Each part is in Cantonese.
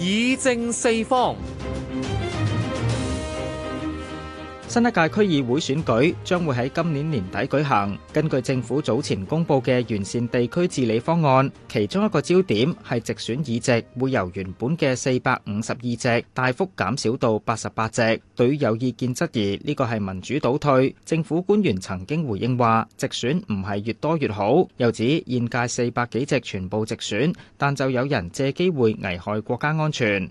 議政四方。新一屆區議會選舉將會喺今年年底舉行。根據政府早前公布嘅完善地區治理方案，其中一個焦點係直選議席會由原本嘅四百五十二席大幅減少到八十八席。對於有意見質疑呢個係民主倒退，政府官員曾經回應話：直選唔係越多越好。又指現屆四百幾席全部直選，但就有人借機會危害國家安全。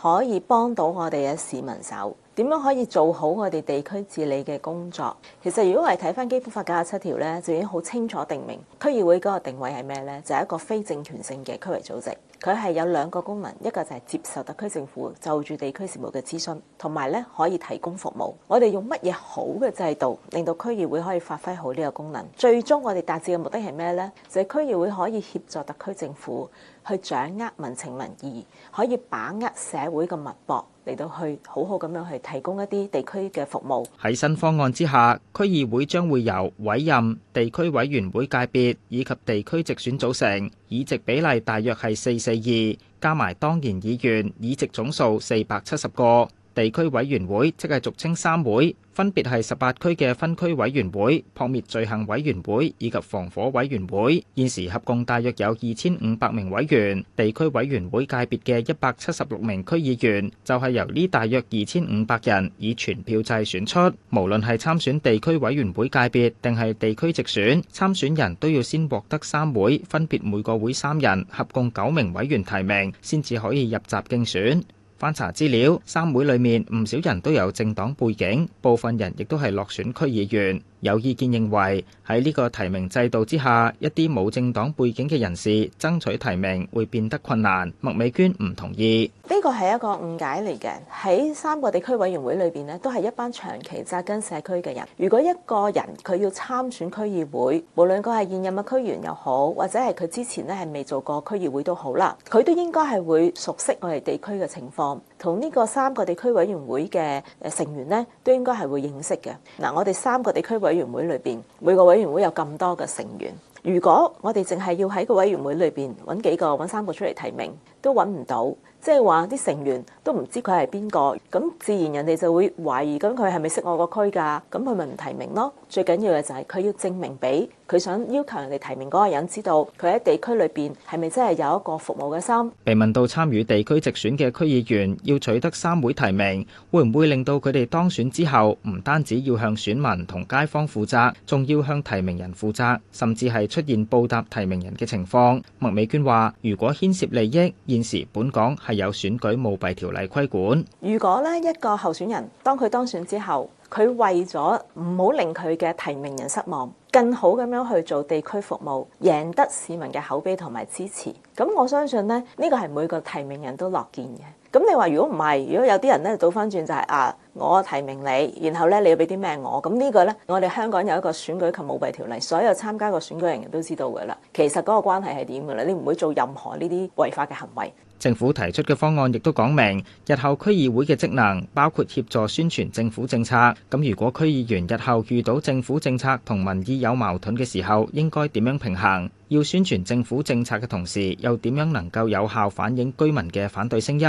可以幫到我哋嘅市民手，點樣可以做好我哋地區治理嘅工作？其實如果我哋睇翻《基本法》九十七條咧，就已經好清楚定明區議會嗰個定位係咩咧？就係、是、一個非政權性嘅區域組織，佢係有兩個功能，一個就係接受特區政府就住地區事務嘅諮詢，同埋咧可以提供服務，我哋用乜嘢好嘅制度，令到區議會可以發揮好呢個功能？最終我哋達至嘅目的係咩咧？就係、是、區議會可以協助特區政府去掌握民情民意，可以把握社會嘅脈搏嚟到去好好咁樣去提供一啲地區嘅服務。喺新方案之下，區議會將會由委任、地區委員會界別以及地區直選組成，議席比例大約係四四二，加埋當然議員，議席總數四百七十個。地區委員會即係俗稱三會，分別係十八區嘅分區委員會、撲滅罪行委員會以及防火委員會。現時合共大約有二千五百名委員。地區委員會界別嘅一百七十六名區議員，就係、是、由呢大約二千五百人以全票制選出。無論係參選地區委員會界別定係地區直選，參選人都要先獲得三會，分別每個會三人，合共九名委員提名，先至可以入閘競選。翻查資料，三會裏面唔少人都有政黨背景，部分人亦都係落選區議員。有意見認為喺呢個提名制度之下，一啲冇政黨背景嘅人士爭取提名會變得困難。麥美娟唔同意，呢個係一個誤解嚟嘅。喺三個地區委員會裏邊呢，都係一班長期紮根社區嘅人。如果一個人佢要參選區議會，無論佢係現任嘅區議員又好，或者係佢之前呢係未做過區議會都好啦，佢都應該係會熟悉我哋地區嘅情況，同呢個三個地區委員會嘅成員呢，都應該係會認識嘅。嗱，我哋三個地區委委員會裏邊，每個委員會有咁多嘅成員。如果我哋淨係要喺個委員會裏邊揾幾個、揾三個出嚟提名，都揾唔到。即係話啲成員都唔知佢係邊個，咁自然人哋就會懷疑，咁佢係咪識我個區㗎？咁佢咪唔提名咯？最緊要嘅就係佢要證明俾佢想要求人哋提名嗰個人知道，佢喺地區裏邊係咪真係有一個服務嘅心？被問到參與地區直選嘅區議員要取得三會提名，會唔會令到佢哋當選之後唔單止要向選民同街坊負責，仲要向提名人負責，甚至係出現報答提名人嘅情況？麥美娟話：如果牽涉利益，現時本港係有選舉舞弊條例規管。如果咧一個候選人當佢當選之後，佢為咗唔好令佢嘅提名人失望，更好咁樣去做地區服務，贏得市民嘅口碑同埋支持，咁我相信咧呢個係每個提名人都樂見嘅。咁你話如果唔係，如果有啲人咧倒翻轉就係，啊，我提名你，然後咧你要俾啲咩我？咁呢個咧，我哋香港有一個選舉及舞弊條例，所有參加過選舉人員都知道噶啦。其實嗰個關係係點噶啦？你唔會做任何呢啲違法嘅行為。政府提出嘅方案亦都講明，日後區議會嘅職能包括協助宣傳政府政策。咁如果區議員日後遇到政府政策同民意有矛盾嘅時候，應該點樣平衡？要宣傳政府政策嘅同時，又點樣能夠有效反映居民嘅反對聲音？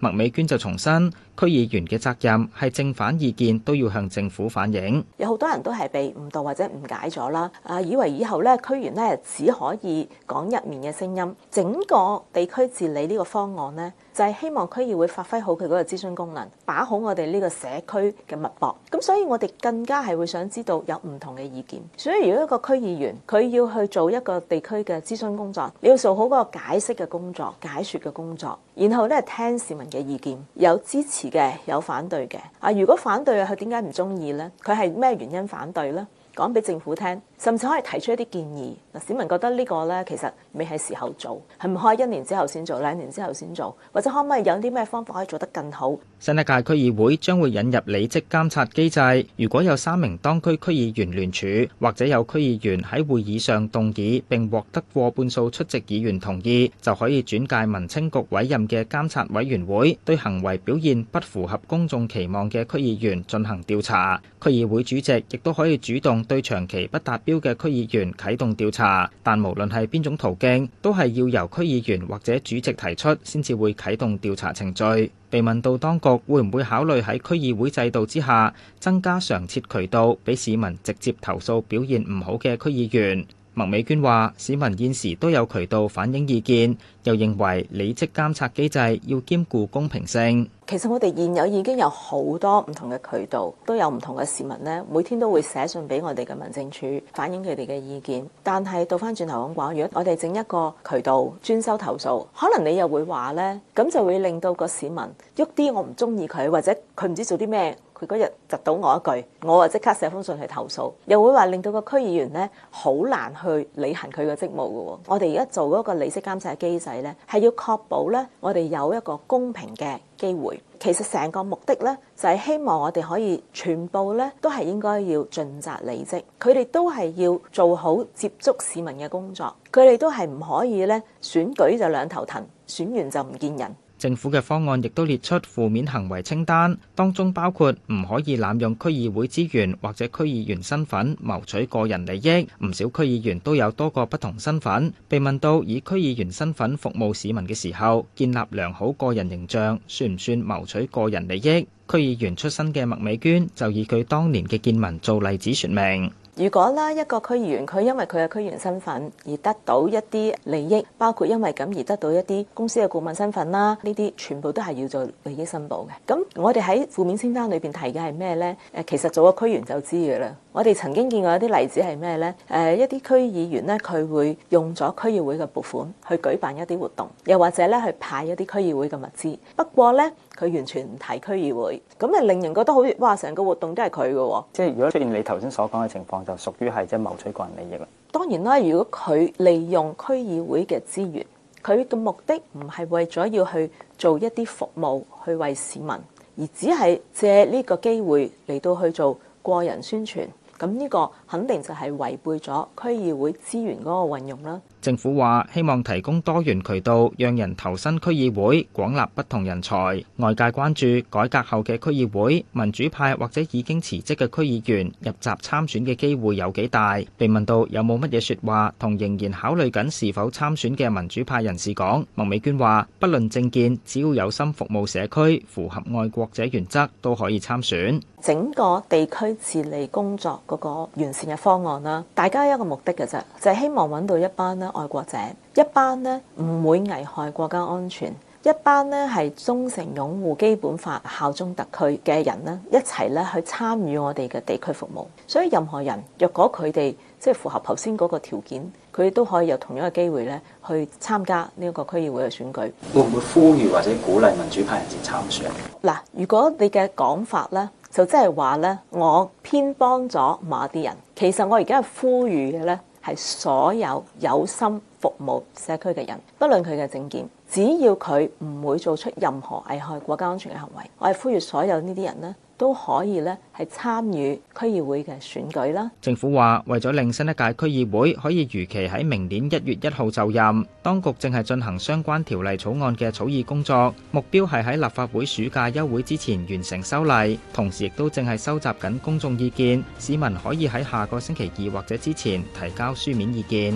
麥美娟就重申。區議員嘅責任係正反意見都要向政府反映，有好多人都係被誤導或者誤解咗啦。啊，以為以後咧區議員咧只可以講一面嘅聲音，整個地區治理呢個方案咧就係希望區議會發揮好佢嗰個諮詢功能，把好我哋呢個社區嘅脈搏。咁所以我哋更加係會想知道有唔同嘅意見。所以如果一個區議員佢要去做一個地區嘅諮詢工作，你要做好嗰個解釋嘅工作、解説嘅工作，然後咧聽市民嘅意見，有支持嘅有反對嘅啊，如果反對啊，佢點解唔中意咧？佢係咩原因反對咧？講俾政府聽。甚至可以提出一啲建議，嗱，市民覺得呢個咧，其實未係時候做，係唔可以一年之後先做，兩年之後先做，或者可唔可以有啲咩方法可以做得更好？新一屆區議會將會引入履職監察機制，如果有三名當區區議員聯署，或者有區議員喺會議上動議並獲得過半數出席議員同意，就可以轉介民青局委任嘅監察委員會對行為表現不符合公眾期望嘅區議員進行調查。區議會主席亦都可以主動對長期不達標。嘅區議員啟動調查，但無論係邊種途徑，都係要由區議員或者主席提出，先至會啟動調查程序。被問到當局會唔會考慮喺區議會制度之下增加常設渠道，俾市民直接投訴表現唔好嘅區議員？麥美娟話，市民現時都有渠道反映意見，又認為履職監察機制要兼顧公平性。其實我哋現有已經有好多唔同嘅渠道，都有唔同嘅市民呢，每天都會寫信俾我哋嘅民政處反映佢哋嘅意見。但係到翻轉頭講講如果我哋整一個渠道專收投訴，可能你又會話呢，咁就會令到個市民喐啲，我唔中意佢，或者佢唔知做啲咩，佢嗰日窒到我一句，我啊即刻寫封信去投訴，又會話令到個區議員呢，好難去履行佢嘅職務喎。我哋而家做嗰個履職監察機制呢，係要確保呢，我哋有一個公平嘅機會。其實成個目的呢，就係希望我哋可以全部呢，都係應該要盡責履職，佢哋都係要做好接觸市民嘅工作，佢哋都係唔可以呢選舉就兩頭騰，選完就唔見人。政府嘅方案亦都列出負面行為清單，當中包括唔可以濫用區議會資源或者區議員身份謀取個人利益。唔少區議員都有多個不同身份。被問到以區議員身份服務市民嘅時候，建立良好個人形象算唔算謀取個人利益？區議員出身嘅麥美娟就以佢當年嘅見聞做例子說明。如果咧，一個區議員佢因為佢嘅區議員身份而得到一啲利益，包括因為咁而得到一啲公司嘅顧問身份啦，呢啲全部都係要做利益申報嘅。咁我哋喺負面清單裏邊提嘅係咩呢？誒，其實做個區議員就知嘅啦。我哋曾經見過一啲例子係咩呢？誒，一啲區議員呢，佢會用咗區議會嘅撥款去舉辦一啲活動，又或者咧去派一啲區議會嘅物資。不過呢，佢完全唔提區議會，咁咪令人覺得好似哇，成個活動都係佢嘅喎。即係如果出現你頭先所講嘅情況，就屬於係即係謀取個人利益啦。當然啦，如果佢利用區議會嘅資源，佢嘅目的唔係為咗要去做一啲服務去為市民，而只係借呢個機會嚟到去做個人宣傳，咁呢個肯定就係違背咗區議會資源嗰個運用啦。政府話希望提供多元渠道，讓人投身區議會，廣納不同人才。外界關注改革後嘅區議會，民主派或者已經辭職嘅區議員入閘參選嘅機會有幾大？被問到有冇乜嘢說話同仍然考慮緊是否參選嘅民主派人士講，麥美娟話不論政見，只要有心服務社區，符合愛國者原則，都可以參選。整個地區治理工作嗰個完善嘅方案啦，大家有一個目的嘅啫，就係希望揾到一班啦。愛國者，一班咧唔會危害國家安全，一班咧係忠誠擁護基本法、效忠特區嘅人咧，一齊咧去參與我哋嘅地區服務。所以任何人，若果佢哋即係符合頭先嗰個條件，佢都可以有同樣嘅機會咧去參加呢個區議會嘅選舉。會唔會呼籲或者鼓勵民主派人士參選？嗱，如果你嘅講法呢，就即係話呢，我偏幫咗某啲人，其實我而家係呼籲嘅呢。係所有有心服務社區嘅人，不論佢嘅政見，只要佢唔會做出任何危害國家安全嘅行為，我係呼籲所有呢啲人呢。都可以咧，係參與區議會嘅選舉啦。政府話，為咗令新一屆區議會可以如期喺明年一月一號就任，當局正係進行相關條例草案嘅草擬工作，目標係喺立法會暑假休會之前完成修例，同時亦都正係收集緊公眾意見，市民可以喺下個星期二或者之前提交書面意見。